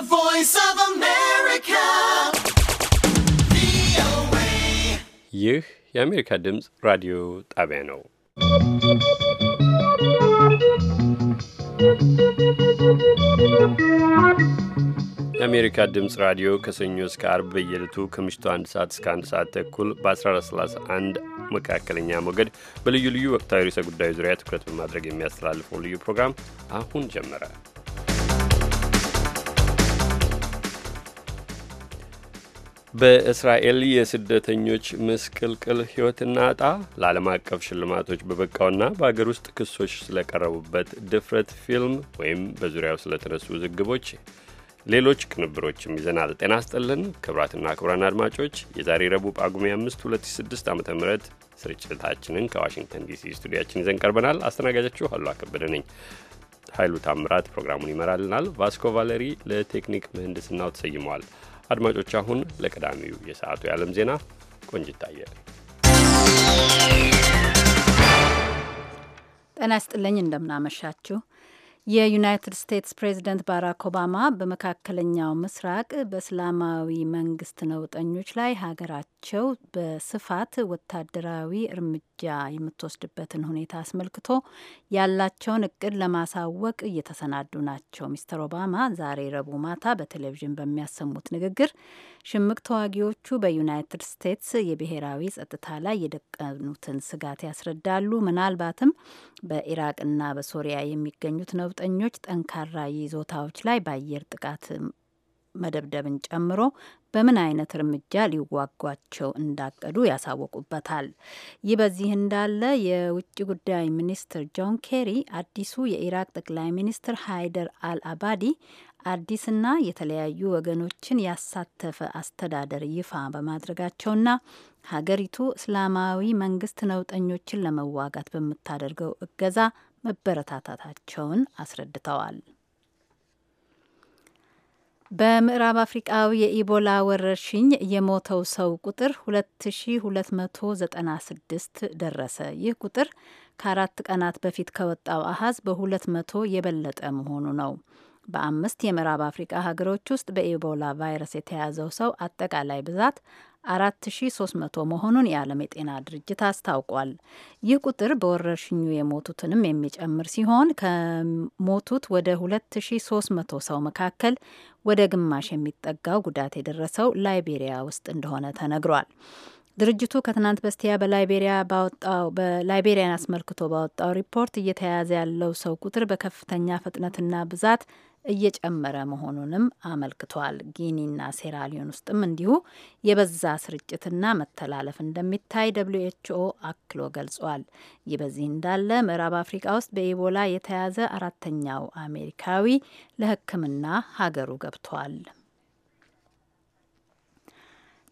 The voice of America. ይህ የአሜሪካ ድምፅ ራዲዮ ጣቢያ ነው። የአሜሪካ ድምፅ ራዲዮ ከሰኞ እስከ አርብ በየዕለቱ ከምሽቱ አንድ ሰዓት እስከ አንድ ሰዓት ተኩል በ1431 መካከለኛ ሞገድ በልዩ ልዩ ወቅታዊ ርዕሰ ጉዳዮች ዙሪያ ትኩረት በማድረግ የሚያስተላልፈው ልዩ ፕሮግራም አሁን ጀመረ። በእስራኤል የስደተኞች ምስቅልቅል ሕይወትና እጣ ለዓለም አቀፍ ሽልማቶች በበቃውና በአገር ውስጥ ክሶች ስለቀረቡበት ድፍረት ፊልም ወይም በዙሪያው ስለተነሱ ውዝግቦች ሌሎች ቅንብሮችም ይዘናል። ጤና ስጥልን ክቡራትና ክቡራን አድማጮች የዛሬ ረቡዕ ጳጉሜ 5 2006 ዓ ም ስርጭታችንን ከዋሽንግተን ዲሲ ስቱዲያችን ይዘን ቀርበናል። አስተናጋጃችሁ አሉ ከበደ ነኝ። ኃይሉ ታምራት ፕሮግራሙን ይመራልናል። ቫስኮ ቫለሪ ለቴክኒክ ምህንድስናው ተሰይመዋል። አድማጮች፣ አሁን ለቀዳሚው የሰዓቱ የዓለም ዜና ቆንጅት ታየ። ጤና ይስጥልኝ፣ እንደምናመሻችሁ። የዩናይትድ ስቴትስ ፕሬዚደንት ባራክ ኦባማ በመካከለኛው ምስራቅ በእስላማዊ መንግስት ነውጠኞች ላይ ሀገራቸው ሀገራቸው በስፋት ወታደራዊ እርምጃ የምትወስድበትን ሁኔታ አስመልክቶ ያላቸውን እቅድ ለማሳወቅ እየተሰናዱ ናቸው። ሚስተር ኦባማ ዛሬ ረቡዕ ማታ በቴሌቪዥን በሚያሰሙት ንግግር ሽምቅ ተዋጊዎቹ በዩናይትድ ስቴትስ የብሔራዊ ጸጥታ ላይ የደቀኑትን ስጋት ያስረዳሉ። ምናልባትም በኢራቅና በሶሪያ የሚገኙት ነውጠኞች ጠንካራ ይዞታዎች ላይ በአየር ጥቃት መደብደብን ጨምሮ በምን አይነት እርምጃ ሊዋጓቸው እንዳቀዱ ያሳወቁበታል። ይህ በዚህ እንዳለ የውጭ ጉዳይ ሚኒስትር ጆን ኬሪ አዲሱ የኢራቅ ጠቅላይ ሚኒስትር ሃይደር አል አባዲ አዲስና የተለያዩ ወገኖችን ያሳተፈ አስተዳደር ይፋ በማድረጋቸውና ሀገሪቱ እስላማዊ መንግስት ነውጠኞችን ለመዋጋት በምታደርገው እገዛ መበረታታታቸውን አስረድተዋል። በምዕራብ አፍሪቃዊ የኢቦላ ወረርሽኝ የሞተው ሰው ቁጥር 2296 ደረሰ። ይህ ቁጥር ከአራት ቀናት በፊት ከወጣው አሀዝ በ200 የበለጠ መሆኑ ነው። በአምስት የምዕራብ አፍሪቃ ሀገሮች ውስጥ በኢቦላ ቫይረስ የተያዘው ሰው አጠቃላይ ብዛት 4300 መሆኑን የዓለም የጤና ድርጅት አስታውቋል። ይህ ቁጥር በወረርሽኙ የሞቱትንም የሚጨምር ሲሆን ከሞቱት ወደ 2300 ሰው መካከል ወደ ግማሽ የሚጠጋው ጉዳት የደረሰው ላይቤሪያ ውስጥ እንደሆነ ተነግሯል። ድርጅቱ ከትናንት በስቲያ በላይቤሪያ ባወጣው በላይቤሪያን አስመልክቶ ባወጣው ሪፖርት እየተያያዘ ያለው ሰው ቁጥር በከፍተኛ ፍጥነትና ብዛት እየጨመረ መሆኑንም አመልክቷል። ጊኒና ሴራሊዮን ውስጥም እንዲሁ የበዛ ስርጭትና መተላለፍ እንደሚታይ ደብሊው ኤችኦ አክሎ ገልጿል። ይህ በዚህ እንዳለ ምዕራብ አፍሪቃ ውስጥ በኢቦላ የተያዘ አራተኛው አሜሪካዊ ለሕክምና ሀገሩ ገብቷል።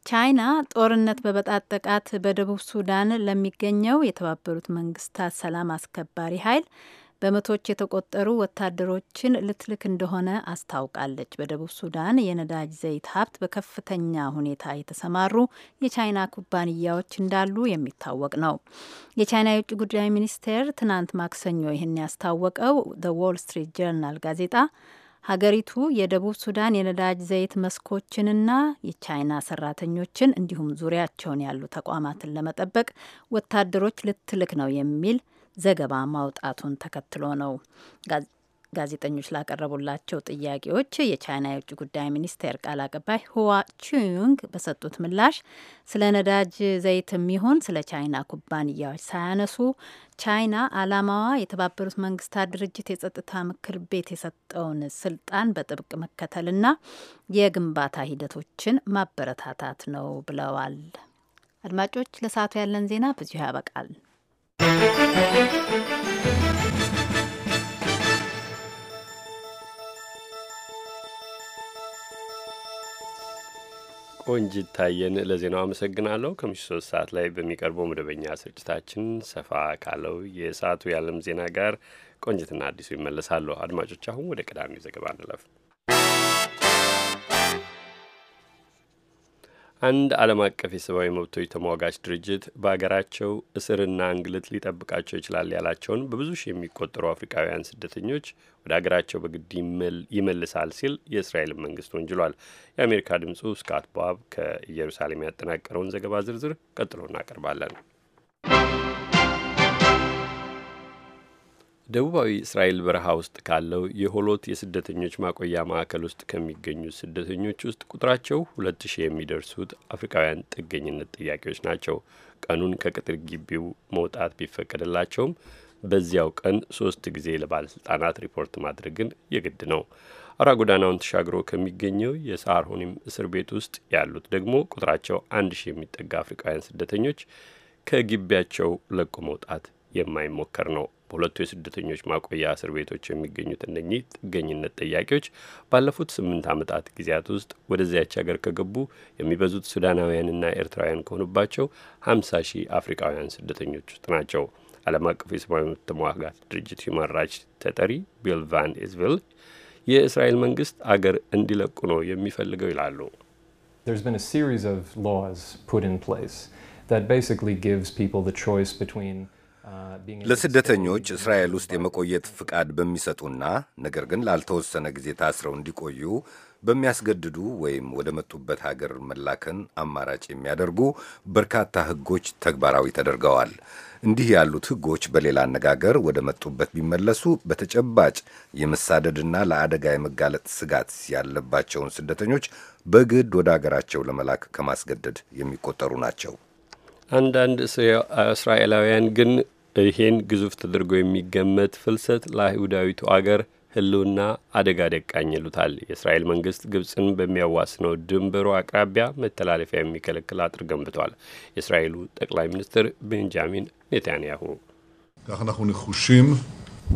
ቻይና ጦርነት በበጣጠቃት በደቡብ ሱዳን ለሚገኘው የተባበሩት መንግስታት ሰላም አስከባሪ ኃይል በመቶች የተቆጠሩ ወታደሮችን ልትልክ እንደሆነ አስታውቃለች። በደቡብ ሱዳን የነዳጅ ዘይት ሀብት በከፍተኛ ሁኔታ የተሰማሩ የቻይና ኩባንያዎች እንዳሉ የሚታወቅ ነው። የቻይና የውጭ ጉዳይ ሚኒስቴር ትናንት ማክሰኞ ይህን ያስታወቀው ዘ ዎል ስትሪት ጀርናል ጋዜጣ ሀገሪቱ የደቡብ ሱዳን የነዳጅ ዘይት መስኮችንና የቻይና ሰራተኞችን እንዲሁም ዙሪያቸውን ያሉ ተቋማትን ለመጠበቅ ወታደሮች ልትልክ ነው የሚል ዘገባ ማውጣቱን ተከትሎ ነው። ጋዜጠኞች ላቀረቡላቸው ጥያቄዎች የቻይና የውጭ ጉዳይ ሚኒስቴር ቃል አቀባይ ሁዋ ቹዩንግ በሰጡት ምላሽ ስለ ነዳጅ ዘይት የሚሆን ስለ ቻይና ኩባንያዎች ሳያነሱ ቻይና ዓላማዋ የተባበሩት መንግስታት ድርጅት የጸጥታ ምክር ቤት የሰጠውን ስልጣን በጥብቅ መከተልና የግንባታ ሂደቶችን ማበረታታት ነው ብለዋል። አድማጮች ለሰዓቱ ያለን ዜና በዚሁ ያበቃል። ቆንጅ ታየን ለዜናው አመሰግናለሁ። ከምሽቱ ሶስት ሰዓት ላይ በሚቀርበው መደበኛ ስርጭታችን ሰፋ ካለው የሰዓቱ የዓለም ዜና ጋር ቆንጅትና አዲሱ ይመለሳሉ። አድማጮች፣ አሁን ወደ ቀዳሚው ዘገባ እንለፍ። አንድ ዓለም አቀፍ የሰብአዊ መብቶች ተሟጋች ድርጅት በሀገራቸው እስርና እንግልት ሊጠብቃቸው ይችላል ያላቸውን በብዙ ሺህ የሚቆጠሩ አፍሪካውያን ስደተኞች ወደ ሀገራቸው በግድ ይመልሳል ሲል የእስራኤል መንግስት ወንጅሏል። የአሜሪካ ድምፁ ስካት ባብ ከኢየሩሳሌም ያጠናቀረውን ዘገባ ዝርዝር ቀጥሎ እናቀርባለን። ደቡባዊ እስራኤል በረሃ ውስጥ ካለው የሆሎት የስደተኞች ማቆያ ማዕከል ውስጥ ከሚገኙ ስደተኞች ውስጥ ቁጥራቸው ሁለት ሺህ የሚደርሱት አፍሪካውያን ጥገኝነት ጥያቄዎች ናቸው። ቀኑን ከቅጥር ግቢው መውጣት ቢፈቀድላቸውም በዚያው ቀን ሶስት ጊዜ ለባለሥልጣናት ሪፖርት ማድረግን የግድ ነው። አውራ ጎዳናውን ተሻግሮ ከሚገኘው የሳርሆኒም እስር ቤት ውስጥ ያሉት ደግሞ ቁጥራቸው አንድ ሺህ የሚጠጋ አፍሪካውያን ስደተኞች ከግቢያቸው ለቆ መውጣት የማይሞከር ነው። በሁለቱ የስደተኞች ማቆያ እስር ቤቶች የሚገኙት እነኚህ ጥገኝነት ጠያቂዎች ባለፉት ስምንት ዓመታት ጊዜያት ውስጥ ወደዚያች ሀገር ከገቡ የሚበዙት ሱዳናውያንና ኤርትራውያን ከሆኑባቸው ሀምሳ ሺህ አፍሪካውያን ስደተኞች ውስጥ ናቸው። ዓለም አቀፍ የሰብአዊ መብት ተሟጋች ድርጅት ሂውማን ራይትስ ተጠሪ ቢል ቫን ኢዝቪል የእስራኤል መንግስት አገር እንዲለቁ ነው የሚፈልገው ይላሉ። there's been a ለስደተኞች እስራኤል ውስጥ የመቆየት ፍቃድ በሚሰጡና ነገር ግን ላልተወሰነ ጊዜ ታስረው እንዲቆዩ በሚያስገድዱ ወይም ወደ መጡበት ሀገር መላክን አማራጭ የሚያደርጉ በርካታ ሕጎች ተግባራዊ ተደርገዋል። እንዲህ ያሉት ሕጎች በሌላ አነጋገር ወደ መጡበት ቢመለሱ በተጨባጭ የመሳደድና ለአደጋ የመጋለጥ ስጋት ያለባቸውን ስደተኞች በግድ ወደ አገራቸው ለመላክ ከማስገደድ የሚቆጠሩ ናቸው። አንዳንድ እስራኤላውያን ግን ይሄን ግዙፍ ተደርጎ የሚገመት ፍልሰት ለአይሁዳዊቱ አገር ህልውና አደጋ ደቃኝ ይሉታል። የእስራኤል መንግስት ግብፅን በሚያዋስነው ድንበሩ አቅራቢያ መተላለፊያ የሚከለክል አጥር ገንብቷል። የእስራኤሉ ጠቅላይ ሚኒስትር ቤንጃሚን ኔታንያሁ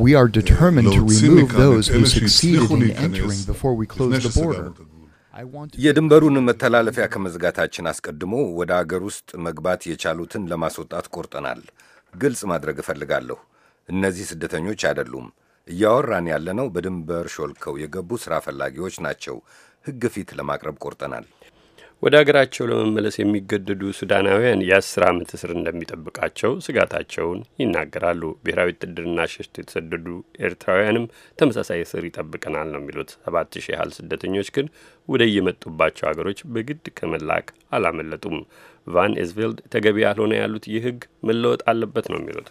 We are determined to remove those who succeeded in entering before we close the border. የድንበሩን መተላለፊያ ከመዝጋታችን አስቀድሞ ወደ አገር ውስጥ መግባት የቻሉትን ለማስወጣት ቆርጠናል። ግልጽ ማድረግ እፈልጋለሁ። እነዚህ ስደተኞች አይደሉም። እያወራን ያለነው በድንበር ሾልከው የገቡ ሥራ ፈላጊዎች ናቸው። ሕግ ፊት ለማቅረብ ቆርጠናል። ወደ አገራቸው ለመመለስ የሚገደዱ ሱዳናውያን የአስር ዓመት እስር እንደሚጠብቃቸው ስጋታቸውን ይናገራሉ። ብሔራዊ ውትድርና ሸሽቶ የተሰደዱ ኤርትራውያንም ተመሳሳይ እስር ይጠብቀናል ነው የሚሉት። ሰባት ሺህ ያህል ስደተኞች ግን ወደ የመጡባቸው አገሮች በግድ ከመላክ አላመለጡም። ቫን ኤዝቬልድ ተገቢ ያልሆነ ያሉት ይህ ህግ መለወጥ አለበት ነው የሚሉት።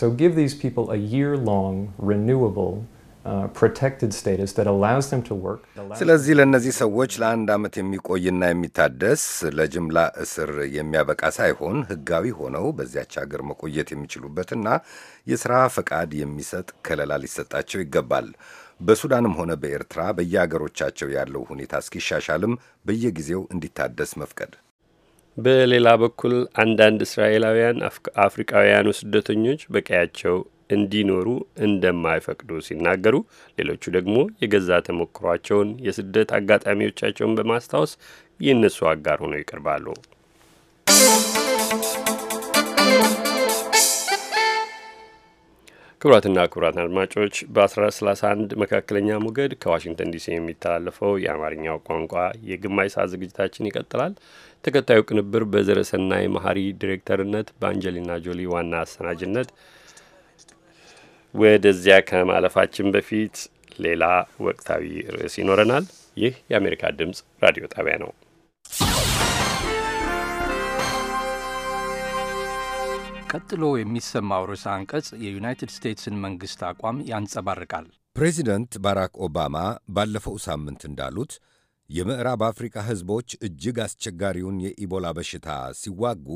So give these people a year long renewable Uh, ስለዚህ ለእነዚህ ሰዎች ለአንድ ዓመት የሚቆይና የሚታደስ ለጅምላ እስር የሚያበቃ ሳይሆን ሕጋዊ ሆነው በዚያች ሀገር መቆየት የሚችሉበትና የሥራ ፈቃድ የሚሰጥ ከለላ ሊሰጣቸው ይገባል። በሱዳንም ሆነ በኤርትራ በየሀገሮቻቸው ያለው ሁኔታ እስኪሻሻልም በየጊዜው እንዲታደስ መፍቀድ። በሌላ በኩል አንዳንድ እስራኤላውያን አፍሪቃውያኑ ስደተኞች በቀያቸው እንዲኖሩ እንደማይፈቅዱ ሲናገሩ፣ ሌሎቹ ደግሞ የገዛ ተሞክሯቸውን የስደት አጋጣሚዎቻቸውን በማስታወስ የእነሱ አጋር ሆነው ይቀርባሉ። ክቡራትና ክብራት አድማጮች በ 1131 መካከለኛ ሞገድ ከዋሽንግተን ዲሲ የሚተላለፈው የአማርኛው ቋንቋ የግማሽ ሰዓት ዝግጅታችን ይቀጥላል። ተከታዩ ቅንብር በዘረሰናይ መሀሪ ዲሬክተርነት በአንጀሊና ጆሊ ዋና አሰናጅነት ወደዚያ ከማለፋችን በፊት ሌላ ወቅታዊ ርዕስ ይኖረናል። ይህ የአሜሪካ ድምፅ ራዲዮ ጣቢያ ነው። ቀጥሎ የሚሰማው ርዕሰ አንቀጽ የዩናይትድ ስቴትስን መንግሥት አቋም ያንጸባርቃል። ፕሬዚደንት ባራክ ኦባማ ባለፈው ሳምንት እንዳሉት የምዕራብ አፍሪካ ሕዝቦች እጅግ አስቸጋሪውን የኢቦላ በሽታ ሲዋጉ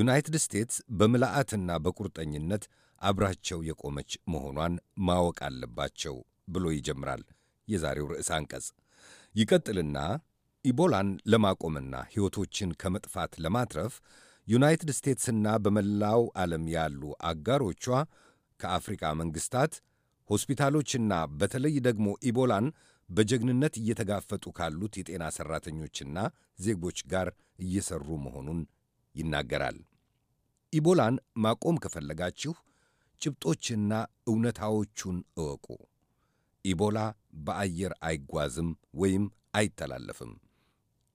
ዩናይትድ ስቴትስ በምልአትና በቁርጠኝነት አብራቸው የቆመች መሆኗን ማወቅ አለባቸው ብሎ ይጀምራል የዛሬው ርዕስ አንቀጽ። ይቀጥልና ኢቦላን ለማቆምና ሕይወቶችን ከመጥፋት ለማትረፍ ዩናይትድ ስቴትስና በመላው ዓለም ያሉ አጋሮቿ ከአፍሪካ መንግሥታት፣ ሆስፒታሎችና በተለይ ደግሞ ኢቦላን በጀግንነት እየተጋፈጡ ካሉት የጤና ሠራተኞችና ዜጎች ጋር እየሠሩ መሆኑን ይናገራል። ኢቦላን ማቆም ከፈለጋችሁ ጭብጦችና እውነታዎቹን እወቁ። ኢቦላ በአየር አይጓዝም ወይም አይተላለፍም።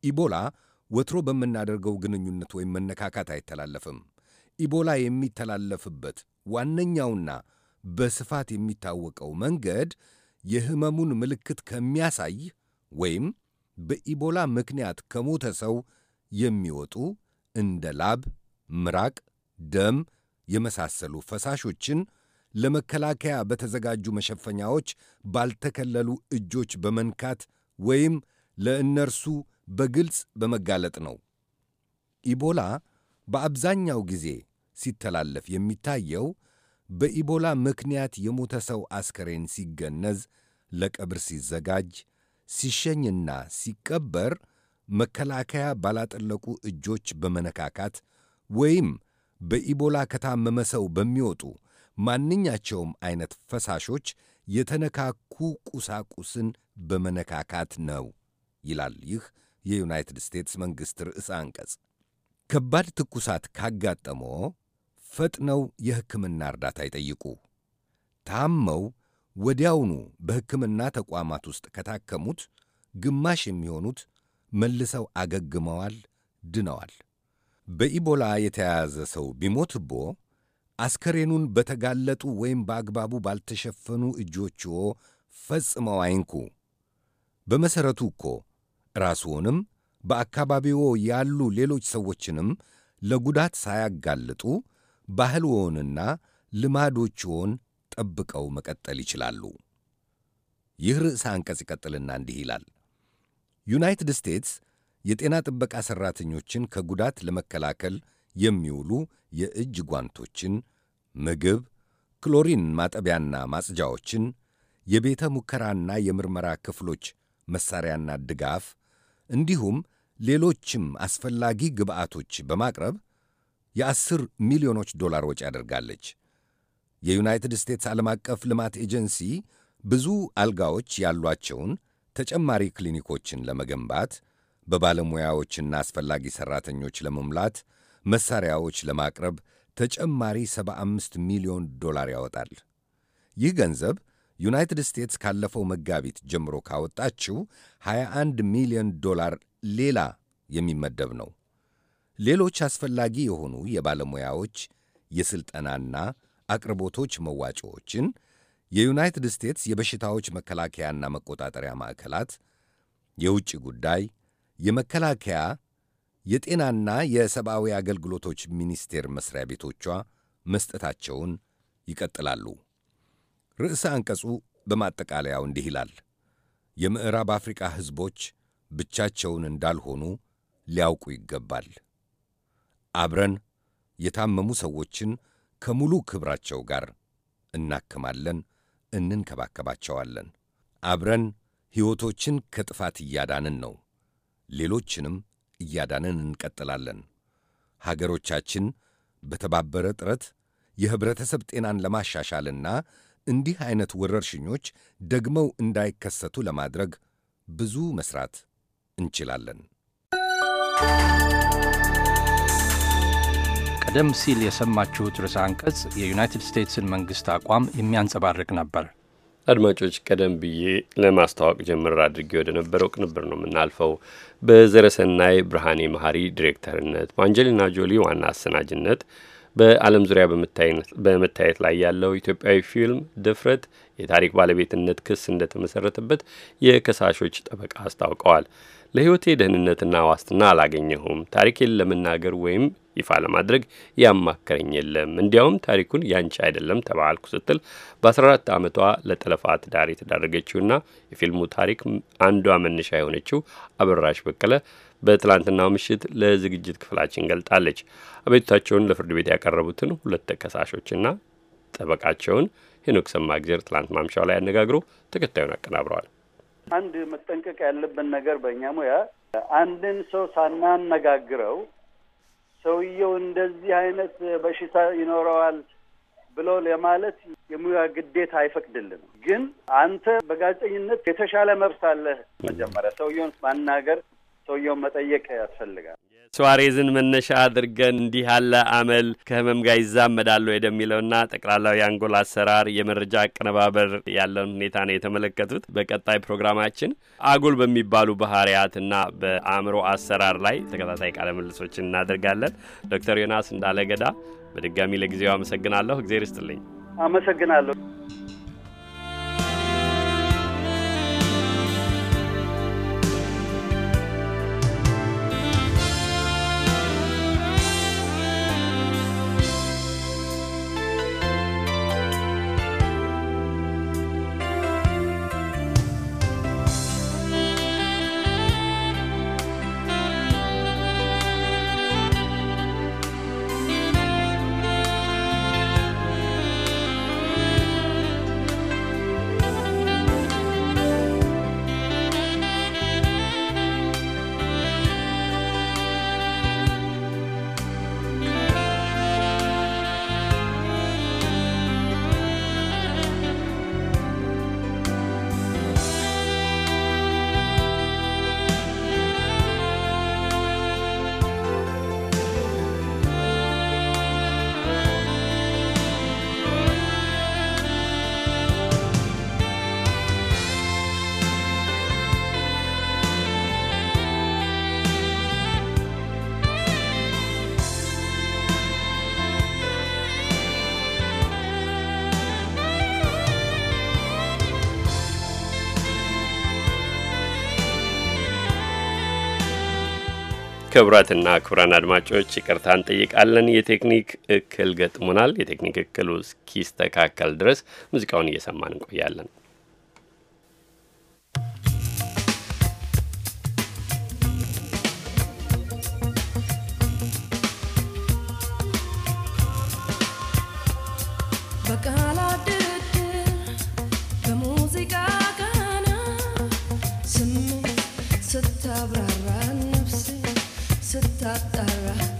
ኢቦላ ወትሮ በምናደርገው ግንኙነት ወይም መነካካት አይተላለፍም። ኢቦላ የሚተላለፍበት ዋነኛውና በስፋት የሚታወቀው መንገድ የህመሙን ምልክት ከሚያሳይ ወይም በኢቦላ ምክንያት ከሞተ ሰው የሚወጡ እንደ ላብ፣ ምራቅ፣ ደም የመሳሰሉ ፈሳሾችን ለመከላከያ በተዘጋጁ መሸፈኛዎች ባልተከለሉ እጆች በመንካት ወይም ለእነርሱ በግልጽ በመጋለጥ ነው። ኢቦላ በአብዛኛው ጊዜ ሲተላለፍ የሚታየው በኢቦላ ምክንያት የሞተ ሰው አስከሬን ሲገነዝ፣ ለቀብር ሲዘጋጅ፣ ሲሸኝና ሲቀበር መከላከያ ባላጠለቁ እጆች በመነካካት ወይም በኢቦላ ከታመመ ሰው በሚወጡ ማንኛቸውም አይነት ፈሳሾች የተነካኩ ቁሳቁስን በመነካካት ነው ይላል ይህ የዩናይትድ ስቴትስ መንግሥት ርዕሰ አንቀጽ። ከባድ ትኩሳት ካጋጠሞ ፈጥነው የሕክምና እርዳታ ይጠይቁ። ታመው ወዲያውኑ በሕክምና ተቋማት ውስጥ ከታከሙት ግማሽ የሚሆኑት መልሰው አገግመዋል፣ ድነዋል። በኢቦላ የተያያዘ ሰው ቢሞትቦ አስከሬኑን በተጋለጡ ወይም በአግባቡ ባልተሸፈኑ እጆችዎ ፈጽመው አይንኩ። በመሠረቱ እኮ ራስዎንም በአካባቢዎ ያሉ ሌሎች ሰዎችንም ለጉዳት ሳያጋልጡ ባህልዎንና ልማዶችዎን ጠብቀው መቀጠል ይችላሉ። ይህ ርዕሰ አንቀጽ ይቀጥልና እንዲህ ይላል ዩናይትድ ስቴትስ የጤና ጥበቃ ሠራተኞችን ከጉዳት ለመከላከል የሚውሉ የእጅ ጓንቶችን፣ ምግብ፣ ክሎሪን ማጠቢያና ማጽጃዎችን፣ የቤተ ሙከራና የምርመራ ክፍሎች መሣሪያና ድጋፍ እንዲሁም ሌሎችም አስፈላጊ ግብዓቶች በማቅረብ የአስር ሚሊዮኖች ዶላር ወጪ አድርጋለች። የዩናይትድ ስቴትስ ዓለም አቀፍ ልማት ኤጀንሲ ብዙ አልጋዎች ያሏቸውን ተጨማሪ ክሊኒኮችን ለመገንባት በባለሙያዎችና አስፈላጊ ሠራተኞች ለመሙላት መሣሪያዎች ለማቅረብ ተጨማሪ 75 ሚሊዮን ዶላር ያወጣል። ይህ ገንዘብ ዩናይትድ ስቴትስ ካለፈው መጋቢት ጀምሮ ካወጣችው 21 ሚሊዮን ዶላር ሌላ የሚመደብ ነው። ሌሎች አስፈላጊ የሆኑ የባለሙያዎች የሥልጠናና አቅርቦቶች መዋጮዎችን የዩናይትድ ስቴትስ የበሽታዎች መከላከያና መቆጣጠሪያ ማዕከላት፣ የውጭ ጉዳይ የመከላከያ የጤናና የሰብአዊ አገልግሎቶች ሚኒስቴር መስሪያ ቤቶቿ መስጠታቸውን ይቀጥላሉ። ርዕሰ አንቀጹ በማጠቃለያው እንዲህ ይላል። የምዕራብ አፍሪቃ ሕዝቦች ብቻቸውን እንዳልሆኑ ሊያውቁ ይገባል። አብረን የታመሙ ሰዎችን ከሙሉ ክብራቸው ጋር እናክማለን፣ እንንከባከባቸዋለን። አብረን ሕይወቶችን ከጥፋት እያዳንን ነው። ሌሎችንም እያዳንን እንቀጥላለን። ሀገሮቻችን በተባበረ ጥረት የኅብረተሰብ ጤናን ለማሻሻልና እንዲህ ዐይነት ወረርሽኞች ደግመው እንዳይከሰቱ ለማድረግ ብዙ መሥራት እንችላለን። ቀደም ሲል የሰማችሁት ርዕሰ አንቀጽ የዩናይትድ ስቴትስን መንግሥት አቋም የሚያንጸባርቅ ነበር። አድማጮች ቀደም ብዬ ለማስተዋወቅ ጀምር አድርጌ ወደ ነበረው ቅንብር ነው የምናልፈው። በዘረሰናይ ብርሃኔ መሀሪ ዲሬክተርነት በአንጀሊና ጆሊ ዋና አሰናጅነት በዓለም ዙሪያ በመታየት ላይ ያለው ኢትዮጵያዊ ፊልም ድፍረት የታሪክ ባለቤትነት ክስ እንደተመሰረተበት የከሳሾች ጠበቃ አስታውቀዋል። ለሕይወቴ ደህንነትና ዋስትና አላገኘሁም፣ ታሪኬን ለመናገር ወይም ይፋ ለማድረግ ያማከረኝ የለም። እንዲያውም ታሪኩን ያንቺ አይደለም ተባልኩ ስትል በ14 ዓመቷ ለጠለፋ ትዳር የተዳረገችውና የፊልሙ ታሪክ አንዷ መነሻ የሆነችው አበራሽ በቀለ በትላንትናው ምሽት ለዝግጅት ክፍላችን ገልጣለች። አቤቱታቸውን ለፍርድ ቤት ያቀረቡትን ሁለት ተከሳሾችና ጠበቃቸውን ሄኖክ ሰማእግዜር ትላንት ማምሻው ላይ አነጋግሮ ተከታዩን አቀናብረዋል። አንድ መጠንቀቅ ያለብን ነገር በእኛ ሙያ አንድን ሰው ሳናነጋግረው ሰውየው እንደዚህ አይነት በሽታ ይኖረዋል ብሎ ለማለት የሙያ ግዴታ አይፈቅድልንም። ግን አንተ በጋዜጠኝነት የተሻለ መብት አለህ። መጀመሪያ ሰውየውን ማናገር፣ ሰውየውን መጠየቅ ያስፈልጋል። ሱዋሬዝን መነሻ አድርገን እንዲህ ያለ አመል ከህመም ጋር ይዛመዳሉ ወደሚለውና ጠቅላላው የአንጎል አሰራር የመረጃ አቀነባበር ያለውን ሁኔታ ነው የተመለከቱት። በቀጣይ ፕሮግራማችን አጉል በሚባሉ ባህርያትና በአእምሮ አሰራር ላይ ተከታታይ ቃለ ምልሶችን እናደርጋለን። ዶክተር ዮናስ እንዳለገዳ በድጋሚ ለጊዜው አመሰግናለሁ። እግዜር ይስጥልኝ። አመሰግናለሁ። ክቡራትና ክቡራን አድማጮች ይቅርታ እንጠይቃለን። የቴክኒክ እክል ገጥሞናል። የቴክኒክ እክሉ እስኪስተካከል ድረስ ሙዚቃውን እየሰማን እንቆያለን። ったら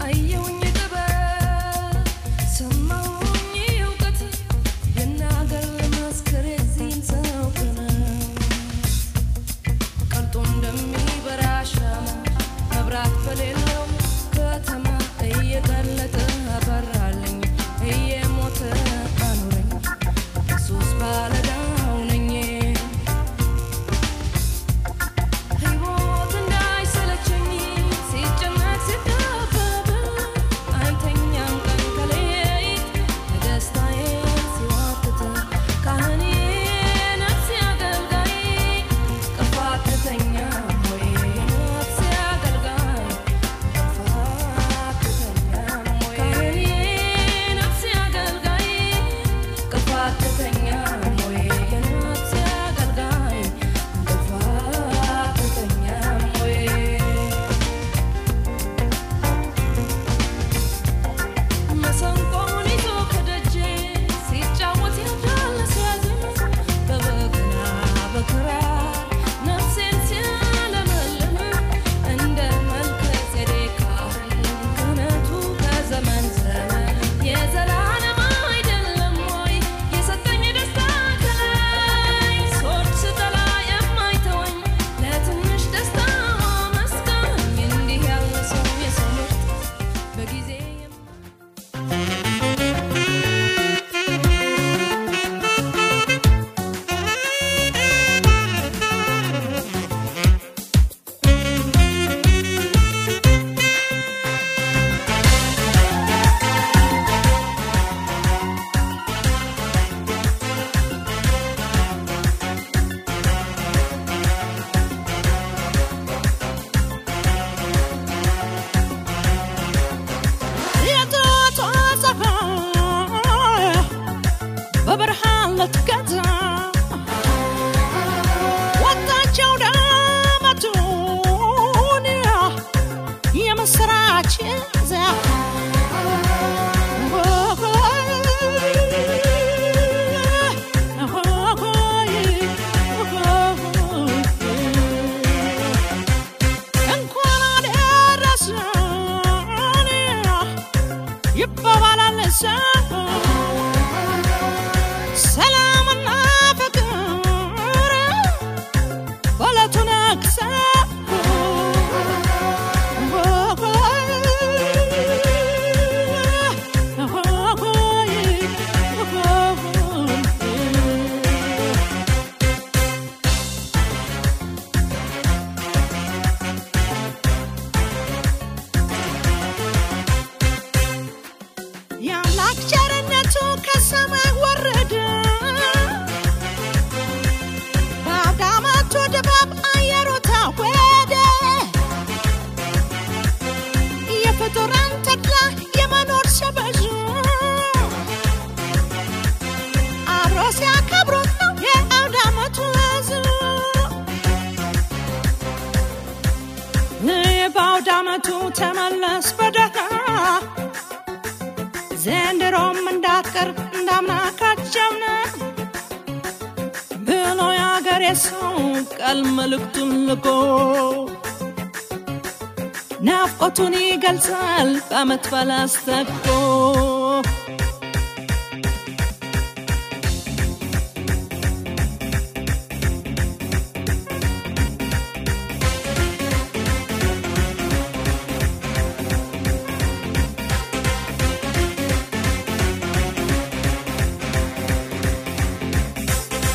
ፍቅሮቱን ይገልጻል በአመት በዓል አስታቅፎ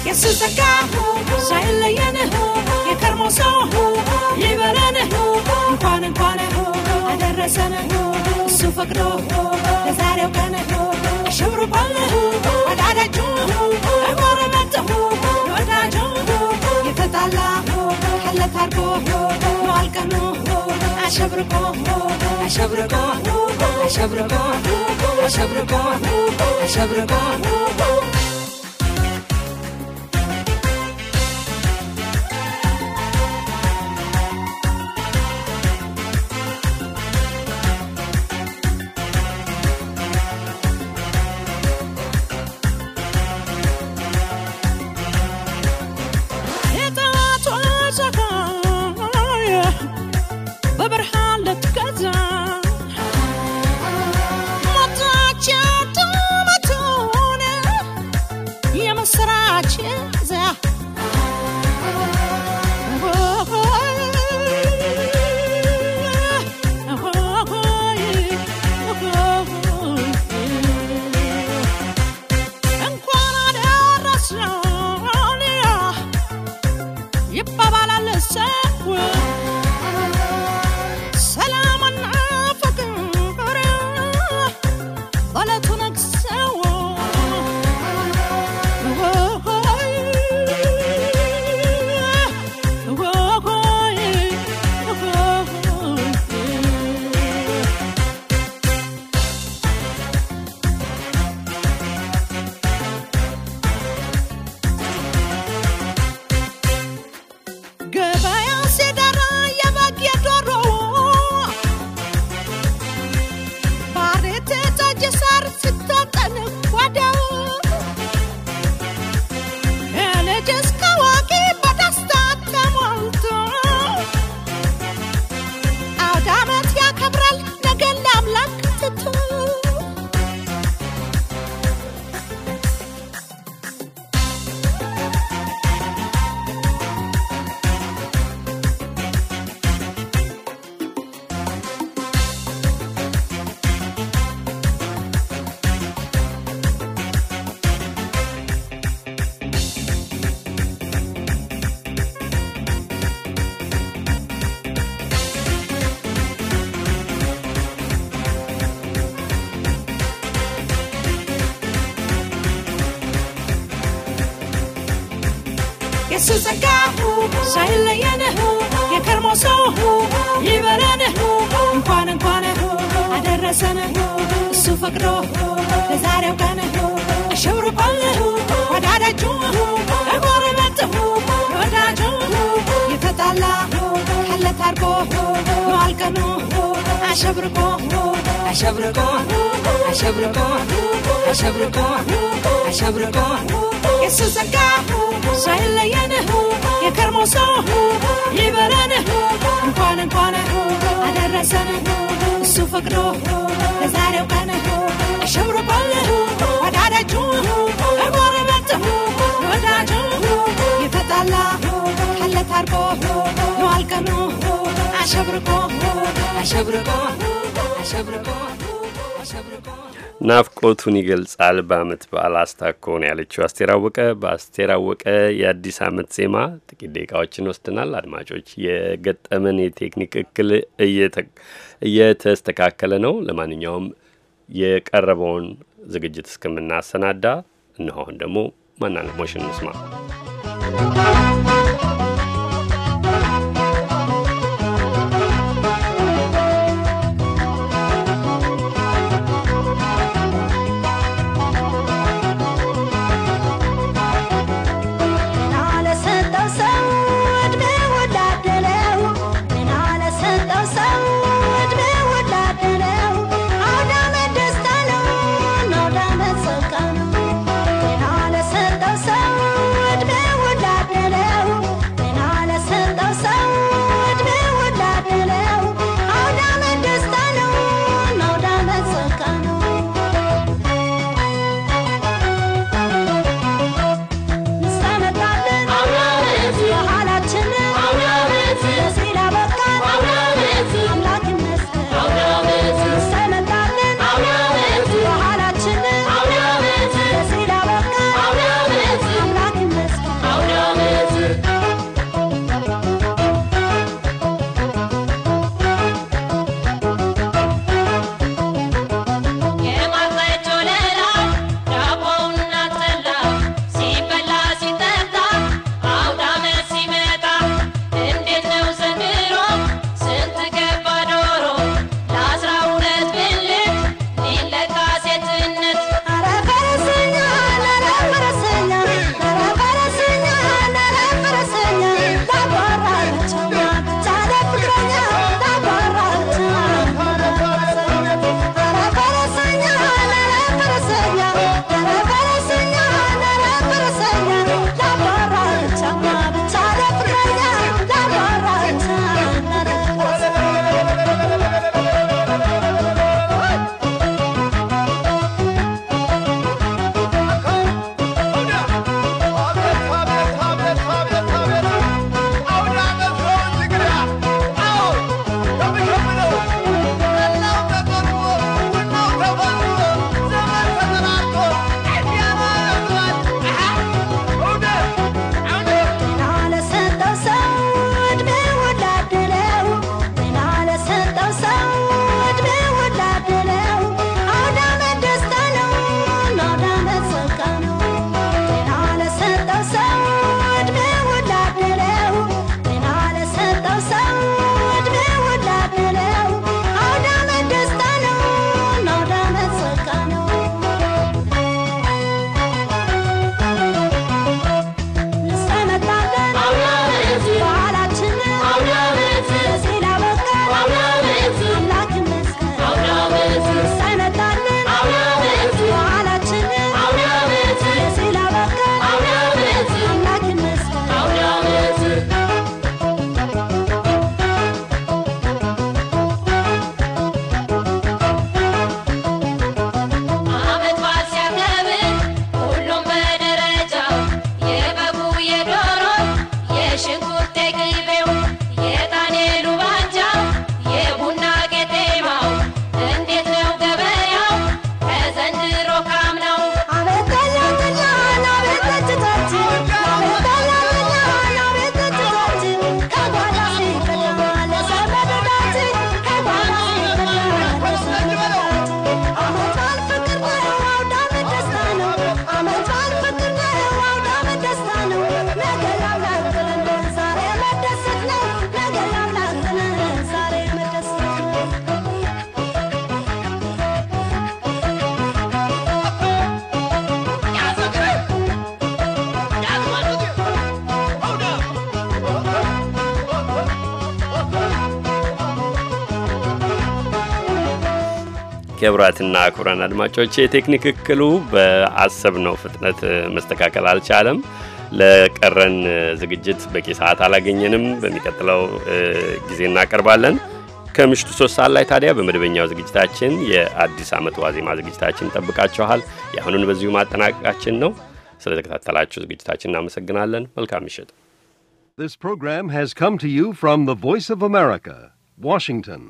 የሱስ ጸጋ ሳይለየንሁ የከርሞ ሰው سنة سوف كروه لزاري وكان الشهر بله والعادة جوه عمر متهو ودا جوه يتطلع حلت هربوه مع القانون أشبركوه أشبركوه أشبركوه أشبركوه أشبركوه ጸጋሁ ሳይለየንሁ የከርሞ ሰውሁ ይበለንሁ እንኳን እንኳንሁ አደረሰንሁ እሱ ፈቅዶ ለዛሬው ቀንሁ አሸብርቆልሁ ወዳዳችሁሁ እጎረበትሁ ወዳጁሁ የተጣላሁ ከለት አድርጎ ማልቀኑ አሸብርቆ أشبركم أشبركم أشبركم أشبركم يسوسك سهل لينه يا كرموسه يبرانه نقانا نقانا أنا رسانه سوفك روح لزاري وقانه أشبر بالله ودعنا جوه أباربته ودعنا جوه يفتح الله حلت هربوه نوالكنوه أشبركم أشبركم ናፍቆቱን ይገልጻል በአመት በዓል አስታኮን ያለችው አስቴር አወቀ። በአስቴር አወቀ የአዲስ አመት ዜማ ጥቂት ደቂቃዎችን ወስደናል። አድማጮች የገጠመን የቴክኒክ እክል እየተስተካከለ ነው። ለማንኛውም የቀረበውን ዝግጅት እስከምናሰናዳ እነሆን ደግሞ ማናለሞሽን እንስማ። ክቡራትና ክቡራን አድማጮች የቴክኒክ እክሉ በአሰብነው ፍጥነት መስተካከል አልቻለም። ለቀረን ዝግጅት በቂ ሰዓት አላገኘንም። በሚቀጥለው ጊዜ እናቀርባለን። ከምሽቱ ሶስት ሰዓት ላይ ታዲያ በመደበኛው ዝግጅታችን የአዲስ ዓመት ዋዜማ ዝግጅታችን ጠብቃችኋል። የአሁኑን በዚሁ ማጠናቀቃችን ነው። ስለተከታተላችሁ ዝግጅታችን እናመሰግናለን። መልካም ምሽት። This program has come to you from the Voice of America, Washington.